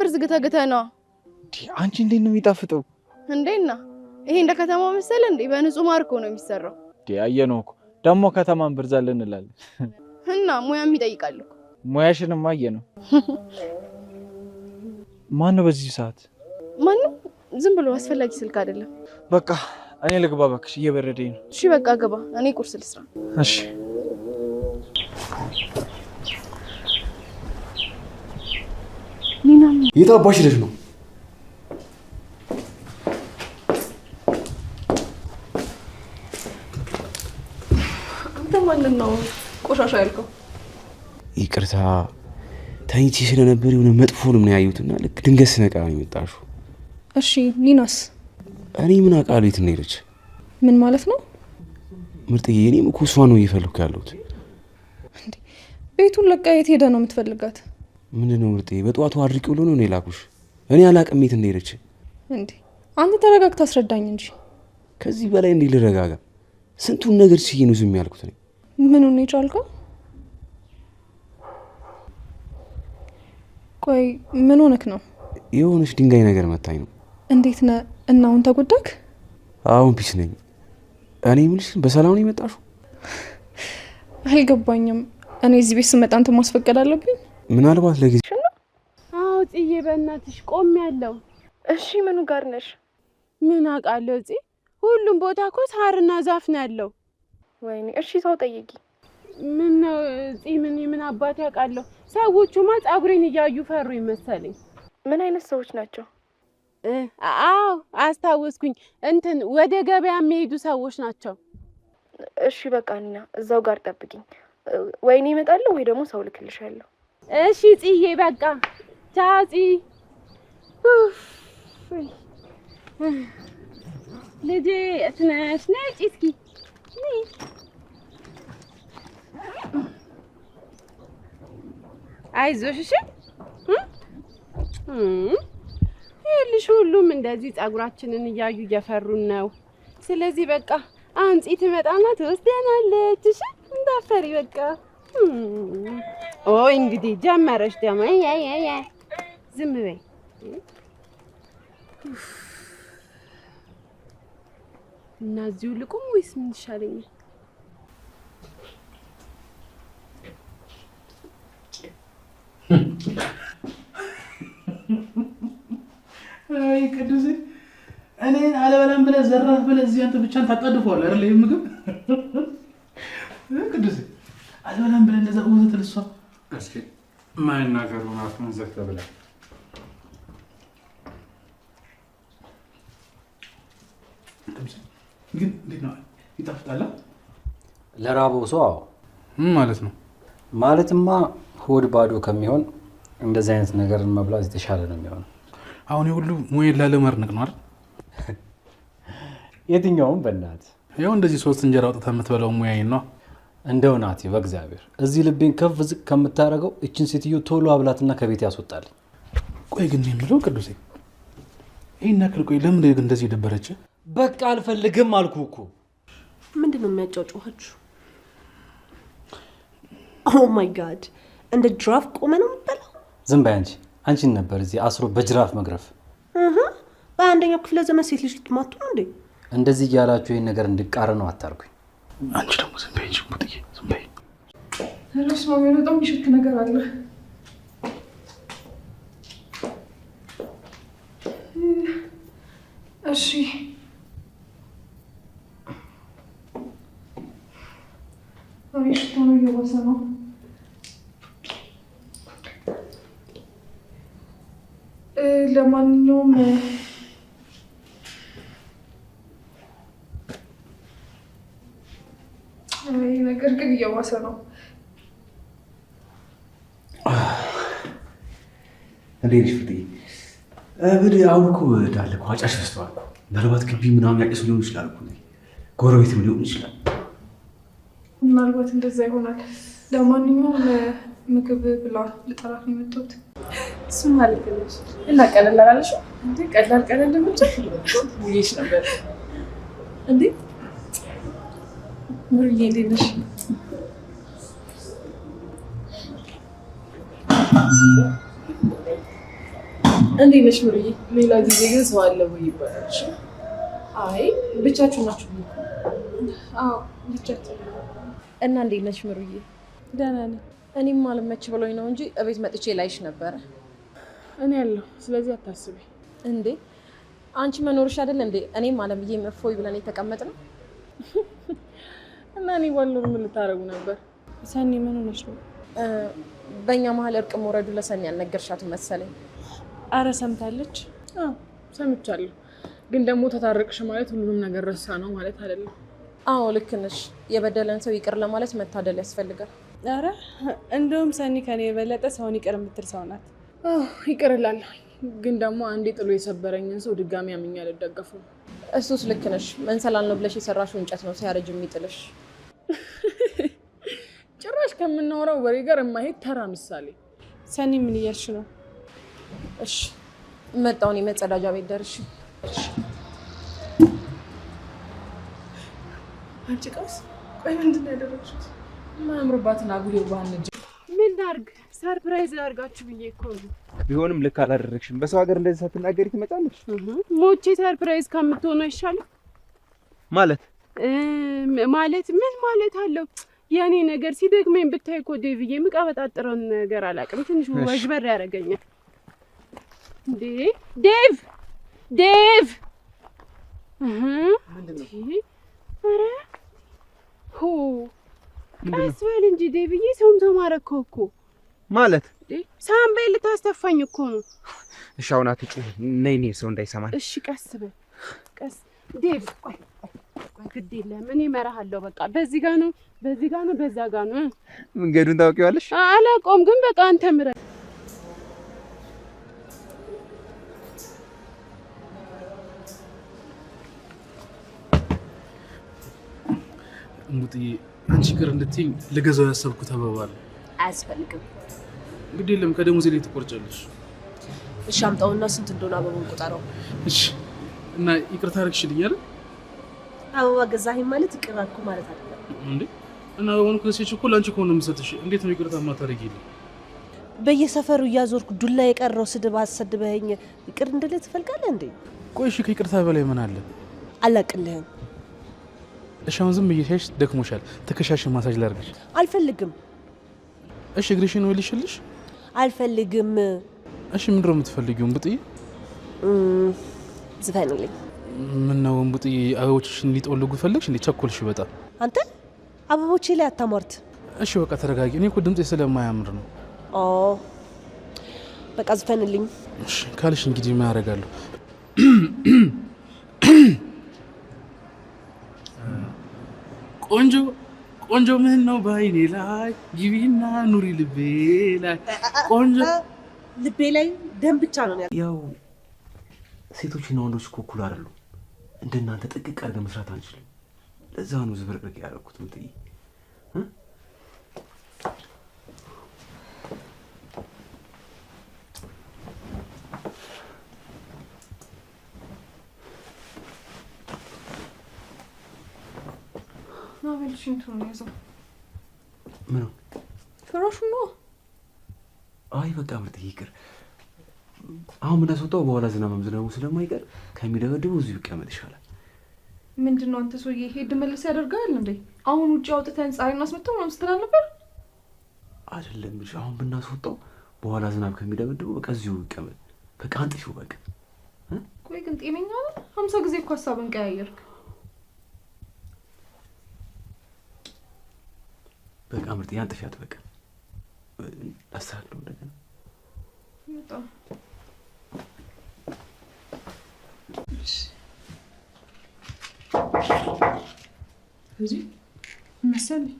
ብርዝ ነው። ነዋ። አንቺ እንዴት ነው የሚጣፍጠው? እንዴና ይሄ እንደ ከተማ መሰለ እንዴ? በንጹህ ማር እኮ ነው የሚሰራው። ነው እኮ ደግሞ ከተማን ብርዛለን እንላለን። እና ሙያም ይጠይቃል እኮ። አየ ነው። ማን ነው በዚህ ሰዓት? ማንም ዝም ብሎ አስፈላጊ ስልክ አይደለም። በቃ እኔ ልግባ እባክሽ፣ እየበረደኝ ነው። እሺ በቃ ግባ፣ እኔ ቁርስ ልስራ። እሺ የታባሽ ልጅ ነው? አንተ ማንን ነው ቆሻሻ ያልከው? ይቅርታ ተኝቼ ስለነበር የሆነ መጥፎ ነው ያዩትና ልክ ድንገት ስነቃ ነው የመጣሽው። እሺ ሊናስ፣ እኔ ምን አውቃለሁ የት እንደሄደች። ምን ማለት ነው ምርጥዬ? እኔም እኮ እሷን ነው እየፈለኩ ያለሁት። ቤቱን ለቃ የት ሄደ ነው የምትፈልጋት? ምንድን ነው ምርጤ? በጠዋቱ አድርቂ ብሎ ነው የላኩሽ። እኔ አላቅም የት እንደሄደች። እንዴ አንተ ተረጋግታ አስረዳኝ እንጂ። ከዚህ በላይ እንዲ ልረጋጋ? ስንቱን ነገር ስዬ ነው ዝም ያልኩት። እኔ ምኑን የጫልከው? ቆይ ምን ሆነክ ነው? የሆነች ድንጋይ ነገር መታኝ ነው። እንዴት ነ እና አሁን ተጎዳክ? አሁን ፒስ ነኝ። እኔ የምልሽ በሰላም ነው የመጣሽው? አልገባኝም። እኔ እዚህ ቤት ስመጣ አንተ ማስፈቀድ አለብኝ? ምናልባት ለጊዜ አዎ፣ ጽዬ በእናትሽ ቆም ያለው። እሺ፣ ምኑ ጋር ነሽ? ምን አውቃለሁ ጽ ሁሉም ቦታ እኮ ሳርና ዛፍ ነው ያለው። ወይኔ፣ እሺ፣ ሰው ጠይቂ። ምን ነው ጽ ምን ምን አባቴ አውቃለሁ። ሰዎቹማ ፀጉሬን እያዩ ፈሩ ይመሰለኝ። ምን አይነት ሰዎች ናቸው? አዎ፣ አስታወስኩኝ። እንትን ወደ ገበያ የሚሄዱ ሰዎች ናቸው። እሺ፣ በቃ እዛው ጋር ጠብቂኝ። ወይኔ፣ ይመጣለሁ ወይ ደግሞ ሰው ልክልሻለሁ። እሺ ጽዬ በቃ ቻው ጽ ልጄ የት ነሽ? ነጭ እስኪ አይዞሽ። እሺ ይኸውልሽ ሁሉም እንደዚህ ፀጉራችንን እያዩ እየፈሩን ነው። ስለዚህ በቃ አንፂ ትመጣና ትወስደናለች። እሺ እንዳፈሪ በቃ ኦይ እንግዲህ ጀመረች ደግሞ ዝም በይ። እና እዚሁ ልቁም ወይስ ምን ይሻለኛል? አይ ቅዱስ እኔን አለበላም ብለህ ዘራፍ ብለህ እዚህ አንተ ብቻን ታጣድፈዋል አይደል? ይህ ምግብ ቅዱስ አልበላም ብለህ እንደዛ ውዘት ልሷ እስኪ ማይናገሩ ሆናት ምን ዘግተህ ብለህ ግን እንዴት ነው ይጣፍጣል? ለራበው ሰው አዎ ማለት ነው። ማለትማ ሆድ ባዶ ከሚሆን እንደዚህ አይነት ነገርን መብላት የተሻለ ነው የሚሆነው። አሁን የሁሉ ሙዬን ላለመርንቅ ነው አይደል? የትኛውም በእናትህ ያው እንደዚህ ሶስት እንጀራ አውጥተህ የምትበላው ሙያዬን ነው እንደው ናቲ በእግዚአብሔር እዚህ ልቤን ከፍ ዝቅ ከምታደርገው እችን ሴትዮ ቶሎ አብላትና ከቤት ያስወጣልኝ። ቆይ ግን የምለው ቅዱሴ ይህን ያክል ቆይ፣ ለምን እንደዚህ የደበረች? በቃ አልፈልግም አልኩ እኮ። ምንድን ነው የሚያጫውጩኋችሁ? ኦ oh ማይ ጋድ! እንደ ጅራፍ ቆመ ነው የምትበላው? ዝም በይ አንቺ። አንቺን ነበር እዚህ አስሮ በጅራፍ መግረፍ። በአንደኛው ክፍለ ዘመን ሴት ልጅ ልትማቱ ነው እንዴ? እንደዚህ እያላችሁ ይህን ነገር እንድቃረ ነው አታርጉኝ። አንቺ ደግሞ ዝም በይ እንጂ ቡጥዬ፣ ዝም በይ። ራስ ማሚ በጣም የሚሸት ነገር አለ። እሺ emocionó. እንዴት ነሽ ፍጤ? ምን አሁን እኮ ዳለ እኮ አጫሽ በስተዋል እኮ ምናልባት ግቢ ምናምን ያቄሱ ሊሆን ይችላል እኮ ጎረቤትም ሊሆን ይችላል። ምናልባት እንደዛ ይሆናል። ለማንኛውም ምግብ ብላ ልጠራት ነው የመጣሁት። እሱም ማለት እና ቀለል አላለሽ? ቀላል ቀለል ነበር። እንዴት ነሽ? እንዴ ነሽ ምሩዬ? ሌላ ጊዜ ግን ሰው አለ ወይ ይባላል። አይ ብቻችሁ ናችሁ? አዎ ብቻችሁ። እና እንዴት ነሽ ምሩዬ? ደህና ነኝ። እኔም አልመች ብሎኝ ነው እንጂ እቤት መጥቼ ላይሽ ነበረ። እኔ ያለሁ ስለዚህ አታስቢ። እንዴ አንቺ መኖርሽ አይደል እንዴ? እኔም አለምዬ እፎይ ብለን የተቀመጥነው እና እኔ ባልኖር ምን ልታደርጉ ነበር? ሰኔ ምን ሆነሽ ነው? በእኛ መሀል እርቅ መውረዱ ለሰኒ ያልነገርሻትም መሰለኝ። አረ ሰምታለች። ሰምቻለሁ። ግን ደግሞ ተታረቅሽ ማለት ሁሉንም ነገር ረሳ ነው ማለት አይደለም። አዎ ልክ ነሽ። የበደለን ሰው ይቅር ለማለት መታደል ያስፈልጋል። አረ እንደውም ሰኒ ከኔ የበለጠ ሰውን ይቅር የምትል ሰው ናት። ይቅር እላለሁ፣ ግን ደግሞ አንዴ ጥሎ የሰበረኝን ሰው ድጋሚ አምኜ አልደገፉም። እሱስ ልክ ነሽ። መንሰላል ነው ብለሽ የሰራሽው እንጨት ነው ሲያረጅ የሚጥልሽ። ከምናወራው ወሬ ጋር የማይሄድ ተራ ምሳሌ። ሰኒ ምን እያልሽ ነው? እሺ መጣሁ እኔ መጸዳጃ ቤት ደርሽ። አንቺ ቀስ ቆይ፣ ምንድን ነው ያደረግሽት? ማያምርባትን አጉሌው ባህል ልጅ ምን ላድርግ? ሰርፕራይዝ ላድርጋችሁ ብዬ እኮ ነው። ቢሆንም ልክ አላደረግሽም። በሰው ሀገር እንደዚህ ሳትናገሪ ትመጫለሽ። ሞቼ ሰርፕራይዝ ከምትሆኑ አይሻልም? ማለት ማለት ምን ማለት አለው የእኔ ነገር ሲደግመኝ ብታይ እኮ ዴቪዬ የምቀበጣጥረውን ነገር አላውቅም። ትንሽ ወዥበር ያደርገኛል። ዴቭ ዴቭ፣ ኧረ ሆ ቀስ በል እንጂ ዴቪዬ። ሰውም ተማረከ እኮ ማለት ሳምበይ ልታስተፋኝ እኮ ነው። እሺ አሁን አትጩ ነይ፣ እኔ ሰው እንዳይሰማል። እሺ ቀስ በል ቀስ ዴቭ፣ ግድ የለም እኔ እመራሃለሁ። በቃ በዚህ ጋር ነው በዚህ ጋር ነው፣ በዛ ጋር ነው። መንገዱን ታውቂዋለሽ? አላውቀውም፣ ግን በቃ አንተ ምረጥ። ሙጥዬ አንቺ ቅር እንድትይኝ ልገዛው ያሰብኩት አበባ ነው። አያስፈልግም። እንግዲህ የለም ከደሞዜ ላይ ትቆርጫለሽ። እሺ አምጣውና ስንት እንደሆነ አበባውን ቁጠረው። እሺ እና ይቅርታ አደረግሽልኝ አይደል? አበባ ገዛኸኝ ማለት ይቅር አልኩ ማለት አይደለም እንዴ? እና በባንኩ ሴች እኮ ለአንቺ ከሆነ የምሰጥሽ እንዴት ነው ይቅርታ የማታደርጊልኝ? በየሰፈሩ እያዞርኩ ዱላ የቀረው ስድብ አሰድበኝ ይቅር እንድልህ ትፈልጋለህ እንዴ? ቆይሽ እሺ፣ ከይቅርታ በላይ ምን አለ? አላቅልህም። እሺ፣ አሁን ዝም እየሻሽ ደክሞሻል። ትከሻሽን ማሳጅ ላድርግሽ? አልፈልግም። እሺ፣ እግርሽን ወልሽልሽ? አልፈልግም። እሺ፣ ምንድነው የምትፈልጊው? እምቡጥዬ፣ ዝፈንልኝ። ምን ነው እምቡጥዬ፣ አበቦችሽን ሊጠወልጉ ፈለግሽ እንዴ? ቸኮልሽ በጣም አንተ አበቦቼ ላይ አታሟርት። እሺ በቃ ተረጋጊ። እኔ እኮ ድምጽ ስለማያምር ነው። በቃ ዝፈንልኝ ካልሽ እንግዲህ ምን አደርጋለሁ። ቆንጆ ቆንጆ ምን ነው ባይኔ ላይ ግቢና ኑሪ ልቤ ላይ ቆንጆ ልቤ ላይ ደም ብቻ ነው ያው ሴቶችና ወንዶች እኮ እኩል አይደሉም። እንደናንተ ጥቅቅ አድርገን መስራት አንችልም። ለዛ ነው ዝብርቅርቅ ያደረኩት። ምጥዬ ናቤል ሽንቱ ነው የያዘው። ምን ፍራሹ ነው? አይ በቃ ምርጥዬ ይቅር። አሁን ብናስወጣው በኋላ ዝናብ መዝነቡ ስለማይቀር ከሚደበድቡ እዚሁ ይቀመጥ ይሻላል። ምንድን ነው አንተ ሰውዬ፣ ሄድ መልስ ያደርጋል እንዴ? አሁን ውጭ አውጥተን ፀሐይ እናስመጥተው ምናምን ስትላል ነበር። አይደለም ልጅ፣ አሁን ብናስወጣው በኋላ ዝናብ ከሚደበድበው በቃ እዚሁ ይቀበል። በቃ አንጥሽው በቃ። ቆይ ግን ጤነኛ ነው? ሀምሳ ጊዜ እኮ ሀሳብን ቀያየርክ። በቃ ምርጥ፣ ያን ጥፊያት በቃ አስተካክለው እዚህ መሰለኝ።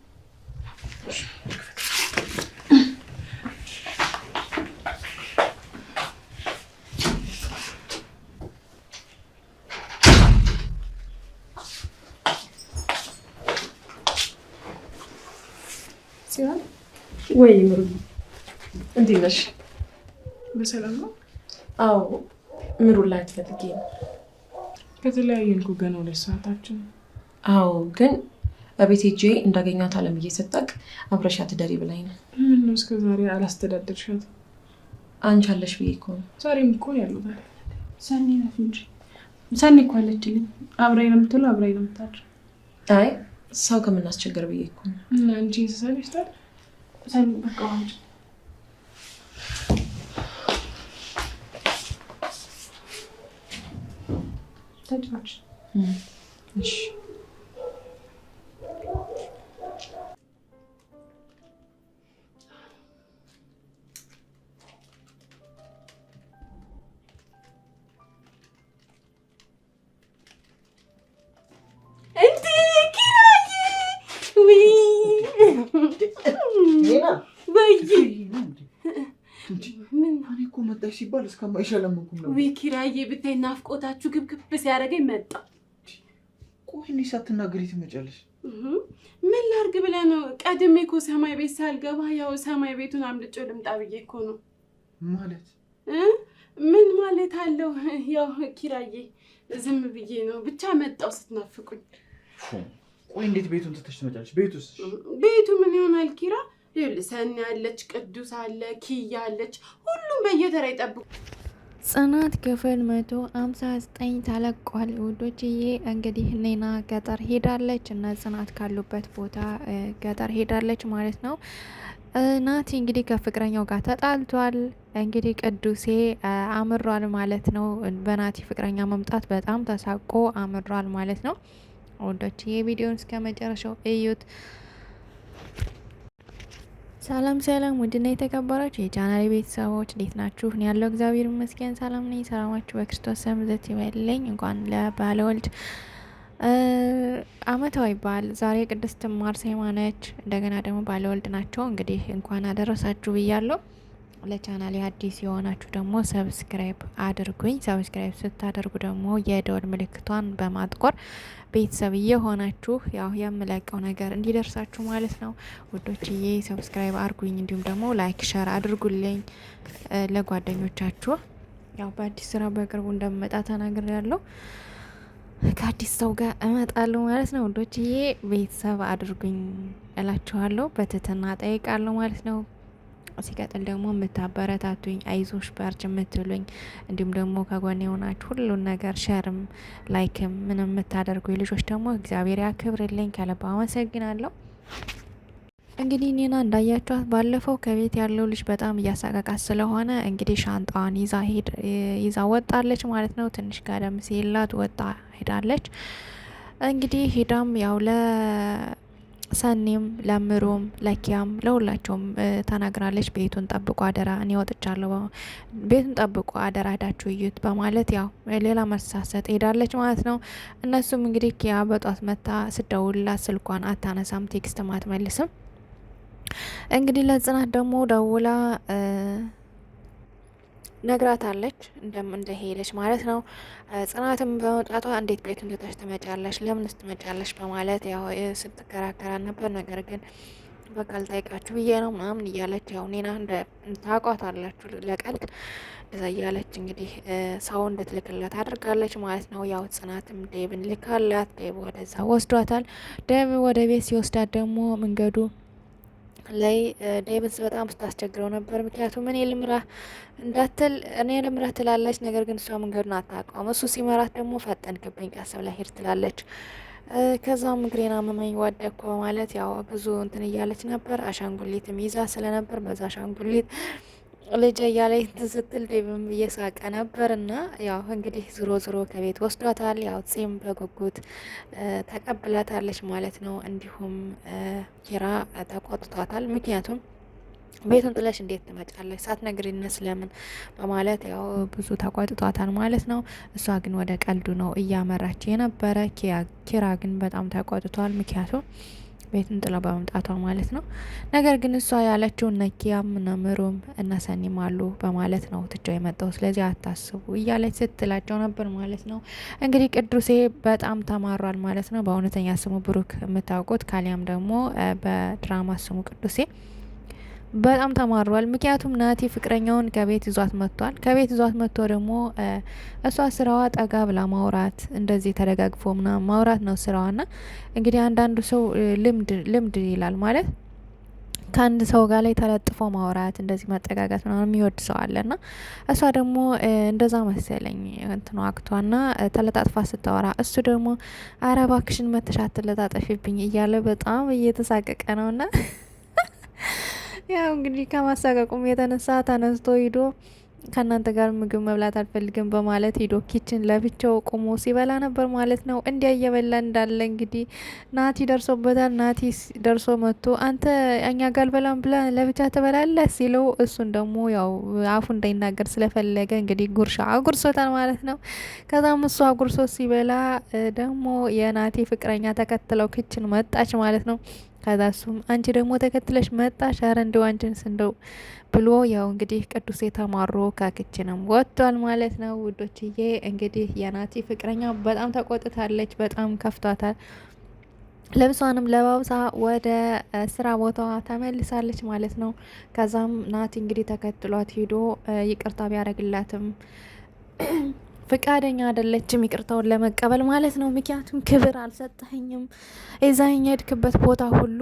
ሲሆን ወይ ምሩ፣ እንዴት ነሽ? በሰላም ነው? አዎ ምሩ፣ ላይ ፈልጌ ነው። ከተለያየን እኮ ገና ሁለት ሰዓታችን አዎ ግን በቤት ሄጄ እንዳገኛት አለምዬ ስጠቅ አብረሻት ደሪ ብላኝ ነው። ምን እስከ ዛሬ አላስተዳደርሻት? አንቺ አለሽ ብዬ እኮ ነው። ዛሬም እኮ ያሉት ሰኒ ናት እንጂ ሰኔ እኮ አለችልኝ። አብራኝ ነው የምትውለው፣ አብራኝ ነው የምታድር። አይ ሰው ከምናስቸገር ብዬ እኮ ነው። እና አንቺ ሰሰልሽ ታል ሰኒ በቃ ተጫዋች እሺ ሲባል እስከማይሸለምኩም ነው። ኪራዬ ብታይ ናፍቆታችሁ ግብግብ ሲያደርገኝ መጣ። ቆይ እኔ ሳትናገሪ ትመጫለሽ? ምን ላርግ ብለ ነው? ቀድሜ እኮ ሰማይ ቤት ሳልገባ ያው ሰማይ ቤቱን አምልጮ ልምጣ ብዬ እኮ ነው። ማለት ምን ማለት አለው? ያው ኪራዬ ዝም ብዬ ነው ብቻ መጣው ስትናፍቁኝ። ቆይ እንዴት ቤቱን ትተሽ ትመጫለሽ? ቤቱስ? ቤቱ ምን ይሆናል ኪራ ሰኒ አለች፣ ቅዱስ አለ፣ ኪያ አለች። ሁሉም በየተራ ይጠብቁ። ጽናት ክፍል መቶ አምሳ ዘጠኝ ተለቋል። ውዶችዬ እንግዲህ ኔና ገጠር ሄዳለች እና ጽናት ካሉበት ቦታ ገጠር ሄዳለች ማለት ነው። ናቲ እንግዲህ ከፍቅረኛው ጋር ተጣልቷል። እንግዲህ ቅዱሴ አምሯል ማለት ነው። በናቲ ፍቅረኛ መምጣት በጣም ተሳቆ አምሯል ማለት ነው። ውዶችዬ ቪዲዮን እስከ መጨረሻው እዩት። ሰላም ሰላም፣ ውድና የተከበራችሁ የቻናል ቤተሰቦች እንዴት ናችሁ? እኔ ያለው እግዚአብሔር ይመስገን ሰላም ነኝ። ሰላማችሁ በክርስቶስ ስም ብዘት ይበልኝ። እንኳን ለባለወልድ ዓመታዊ በዓል ዛሬ ቅድስት ማርሴማ ነች፣ እንደገና ደግሞ ባለወልድ ናቸው። እንግዲህ እንኳን አደረሳችሁ ብያለሁ። ለቻናሌ አዲስ የሆናችሁ ደግሞ ሰብስክራይብ አድርጉኝ። ሰብስክራይብ ስታደርጉ ደግሞ የደወል ምልክቷን በማጥቆር ቤተሰብ የሆናችሁ ያው የምለቀው ነገር እንዲደርሳችሁ ማለት ነው ውዶችዬ። ሰብስክራይብ አድርጉኝ፣ እንዲሁም ደግሞ ላይክ ሸር አድርጉልኝ ለጓደኞቻችሁ። ያው በአዲስ ስራ በቅርቡ እንደምመጣ ተናግሬ ያለው ከአዲስ ሰው ጋር እመጣለሁ ማለት ነው ውዶችዬ። ቤተሰብ አድርጉኝ እላችኋለሁ፣ በትህትና ጠይቃለሁ ማለት ነው። ሲቀጥል ደግሞ የምታበረታቱኝ አይዞሽ በርች የምትሉኝ እንዲሁም ደግሞ ከጎን የሆናችሁ ሁሉን ነገር ሸርም ላይክም ምን የምታደርጉ ልጆች ደግሞ እግዚአብሔር ያክብርልኝ። ከልብ አመሰግናለሁ። እንግዲህ ኒና እንዳያችኋት ባለፈው ከቤት ያለው ልጅ በጣም እያሳቀቃት ስለሆነ እንግዲህ ሻንጣዋን ይዛ ወጣለች ማለት ነው። ትንሽ ጋደም ሲላት ወጣ ሄዳለች። እንግዲህ ሄዳም ያው ለ ሰኔም ለምሩም ለኪያም ለሁላቸውም ተናግራለች። ቤቱን ጠብቁ አደራ፣ እኔ ወጥቻለሁ፣ ቤቱን ጠብቁ አደራ፣ ሄዳችሁ እዩት በማለት ያው ሌላ መሳሰጥ ሄዳለች ማለት ነው። እነሱም እንግዲህ ኪያ በጧት መታ ስደውልላት ስልኳን አታነሳም፣ ቴክስትም አትመልስም። እንግዲህ ለጽናት ደግሞ ደውላ ነግራታለች እንደሄደች ማለት ነው። ጽናትም በመውጣቷ እንዴት ቤት ትተሽ ትመጫለሽ? ለምንስ ትመጫለሽ? በማለት ያው ስትከራከራ ነበር። ነገር ግን በቃ ልጠይቃችሁ ብዬ ነው ምናምን እያለች ያው ኔና ታውቋታላችሁ ለቀልድ እዛ እያለች እንግዲህ ሰው እንድትልክላት አድርጋለች ማለት ነው። ያው ጽናትም ዴብን ልካላት፣ ዴብ ወደዛ ወስዷታል። ዴብ ወደ ቤት ሲወስዳት ደግሞ መንገዱ ላይ ዴቭንስ በጣም ስታስቸግረው ነበር። ምክንያቱም እኔ ልምራ እንዳትል እኔ ልምራ ትላለች፣ ነገር ግን እሷ መንገዱን አታውቀውም። እሱ ሲመራት ደግሞ ፈጠንክብኝ፣ ቀስ ብለህ ሂድ ትላለች። ከዛም እግሬን አመመኝ ወደቅኩ ማለት ያው ብዙ እንትን እያለች ነበር። አሻንጉሊትም ይዛ ስለነበር በዛ አሻንጉሊት ልጅ እያለች እንትን ስትል ዴብም እየሳቀ ነበር። እና ያው እንግዲህ ዝሮ ዝሮ ከቤት ወስዷታል። ያው ጺም በጉጉት ተቀብላታለች ማለት ነው። እንዲሁም ኪራ ተቆጥቷታል። ምክንያቱም ቤቱን ጥለሽ እንዴት ትመጫለሽ? ሳትነግሪነት ስለምን በማለት ያው ብዙ ተቆጥቷታል ማለት ነው። እሷ ግን ወደ ቀልዱ ነው እያመራች የነበረ። ኪራ ግን በጣም ተቆጥቷል። ምክንያቱም ቤትን ጥላ በመምጣቷ ማለት ነው። ነገር ግን እሷ ያለችው ነኪያም ነምሩም እነሰኒም አሉ በማለት ነው ትቸው የመጣው ስለዚህ አታስቡ እያለች ስትላቸው ነበር ማለት ነው። እንግዲህ ቅዱሴ በጣም ተማሯል ማለት ነው። በእውነተኛ ስሙ ብሩክ የምታውቁት ካሊያም ደግሞ በድራማ ስሙ ቅዱሴ በጣም ተማሯል። ምክንያቱም ናቲ ፍቅረኛውን ከቤት ይዟት መጥቷል። ከቤት ይዟት መጥቶ ደግሞ እሷ ስራዋ ጠጋ ብላ ማውራት እንደዚህ ተደጋግፎ ምና ማውራት ነው ስራዋና እንግዲህ አንዳንዱ ሰው ልምድ ልምድ ይላል ማለት ከአንድ ሰው ጋር ላይ ተለጥፎ ማውራት እንደዚህ መጠጋጋት ነው የሚወድ ሰው ና እሷ ደግሞ እንደዛ መሰለኝ አክቷ ና ተለጣጥፋ ስታወራ እሱ ደግሞ አረ እባክሽን መተሻት ተለጣጠፊብኝ እያለ በጣም እየተሳቀቀ ነውና ያው እንግዲህ ከማሳቀቁም የተነሳ ተነስቶ ሂዶ ከእናንተ ጋር ምግብ መብላት አልፈልግም በማለት ሂዶ ኪችን ለብቻው ቁሞ ሲበላ ነበር ማለት ነው። እንዲያ እየበላ እንዳለ እንግዲህ ናቲ ደርሶበታል። ናቲ ደርሶ መጥቶ አንተ እኛ ጋር አልበላም ብላ ለብቻ ትበላለህ ሲለው እሱን ደግሞ ያው አፉ እንዳይናገር ስለፈለገ እንግዲህ ጉርሻ አጉርሶታል ማለት ነው። ከዛም እሱ አጉርሶ ሲበላ ደግሞ የናቲ ፍቅረኛ ተከትለው ኪችን መጣች ማለት ነው። ከዛ እሱም አንቺ ደግሞ ተከትለሽ መጣሽ፣ አረ እንደው አንቺን ስንደው ብሎ ያው እንግዲህ ቅዱሴ ተማሮ ከክችንም ወጥቷል ማለት ነው ውዶችዬ። እንግዲህ የናቲ ፍቅረኛ በጣም ተቆጥታለች፣ በጣም ከፍቷታል። ልብሷንም ለባብሳ ወደ ስራ ቦታዋ ተመልሳለች ማለት ነው። ከዛም ናቲ እንግዲህ ተከትሏት ሂዶ ይቅርታ ቢያደርግላትም ፍቃደኛ አይደለችም ይቅርታውን ለመቀበል ማለት ነው። ምክንያቱም ክብር አልሰጠኝም የዛኛ ሄድክበት ቦታ ሁሉ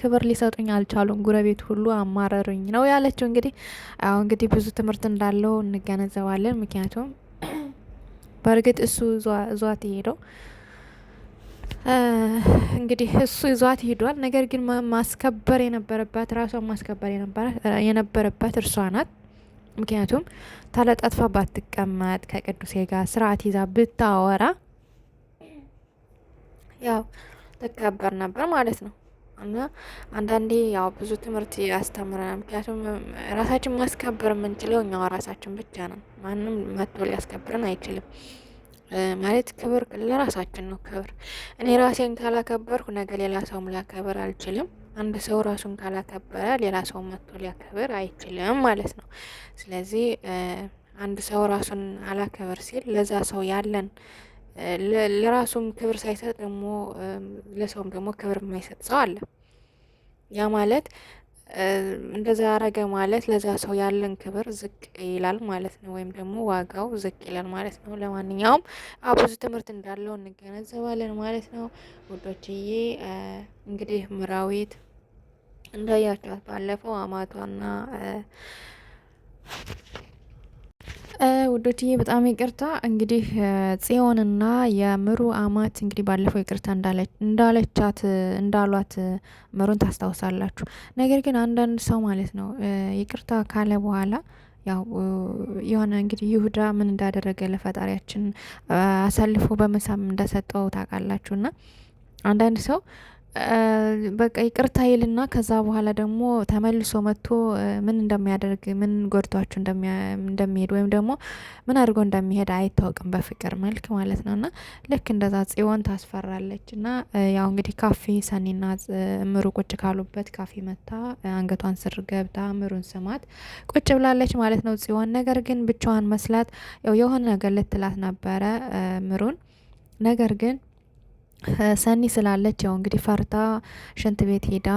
ክብር ሊሰጡኝ አልቻሉም፣ ጉረቤት ሁሉ አማረሩኝ ነው ያለችው። እንግዲህ አሁ እንግዲህ ብዙ ትምህርት እንዳለው እንገነዘባለን። ምክንያቱም በእርግጥ እሱ እዟት ሄደው እንግዲህ እሱ ይዟት ሄዷል። ነገር ግን ማስከበር የነበረባት ራሷን ማስከበር የነበረባት እርሷ ናት። ምክንያቱም ታለጠጥፋ ባትቀመጥ ከቅዱሴ ጋር ስርዓት ይዛ ብታወራ ያው ትከበር ነበር ማለት ነው። እና አንዳንዴ ያው ብዙ ትምህርት ያስተምረናል። ምክንያቱም ራሳችን ማስከበር የምንችለው እኛው ራሳችን ብቻ ነው ማንም መጥቶ ሊያስከብረን አይችልም። ማለት ክብር ለራሳችን ነው። ክብር እኔ ራሴን ካላከበርኩ ነገ ሌላ ሰውም ላከበር አልችልም። አንድ ሰው ራሱን ካላከበረ ሌላ ሰው መጥቶ ሊያከብር አይችልም ማለት ነው። ስለዚህ አንድ ሰው ራሱን አላከብር ሲል ለዛ ሰው ያለን ለራሱም ክብር ሳይሰጥ ደግሞ ለሰውም ደግሞ ክብር የማይሰጥ ሰው አለ። ያ ማለት እንደዛ አረገ ማለት ለዛ ሰው ያለን ክብር ዝቅ ይላል ማለት ነው፣ ወይም ደግሞ ዋጋው ዝቅ ይላል ማለት ነው። ለማንኛውም አብዙ ትምህርት እንዳለው እንገነዘባለን ማለት ነው ውዶችዬ። እንግዲህ ምራዊት እንዳያችኋት ባለፈው አማቷና ውዶችዬ በጣም ይቅርታ እንግዲህ ጽዮንና የምሩ አማት እንግዲህ ባለፈው ይቅርታ እንዳለቻት እንዳሏት ምሩን ታስታውሳላችሁ። ነገር ግን አንዳንድ ሰው ማለት ነው ይቅርታ ካለ በኋላ ያው የሆነ እንግዲህ ይሁዳ ምን እንዳደረገ ለፈጣሪያችን አሳልፎ በመሳም እንደሰጠው ታውቃላችሁና አንዳንድ ሰው በቃ ይቅርታ ይልና ከዛ በኋላ ደግሞ ተመልሶ መጥቶ ምን እንደሚያደርግ ምን ጎድቷችሁ እንደሚሄድ ወይም ደግሞ ምን አድርጎ እንደሚሄድ አይታወቅም፣ በፍቅር መልክ ማለት ነው። እና ልክ እንደዛ ጽዮን ታስፈራለች። እና ያው እንግዲህ ካፌ ሰኒና እምሩ ቁጭ ካሉበት ካፌ መታ አንገቷን ስር ገብታ እምሩን ስማት ቁጭ ብላለች ማለት ነው ጽዮን። ነገር ግን ብቻዋን መስላት የሆነ ነገር ልትላት ነበረ እምሩን ነገር ግን ሰኒ ስላለች ያው እንግዲህ ፈርታ ሽንት ቤት ሄዳ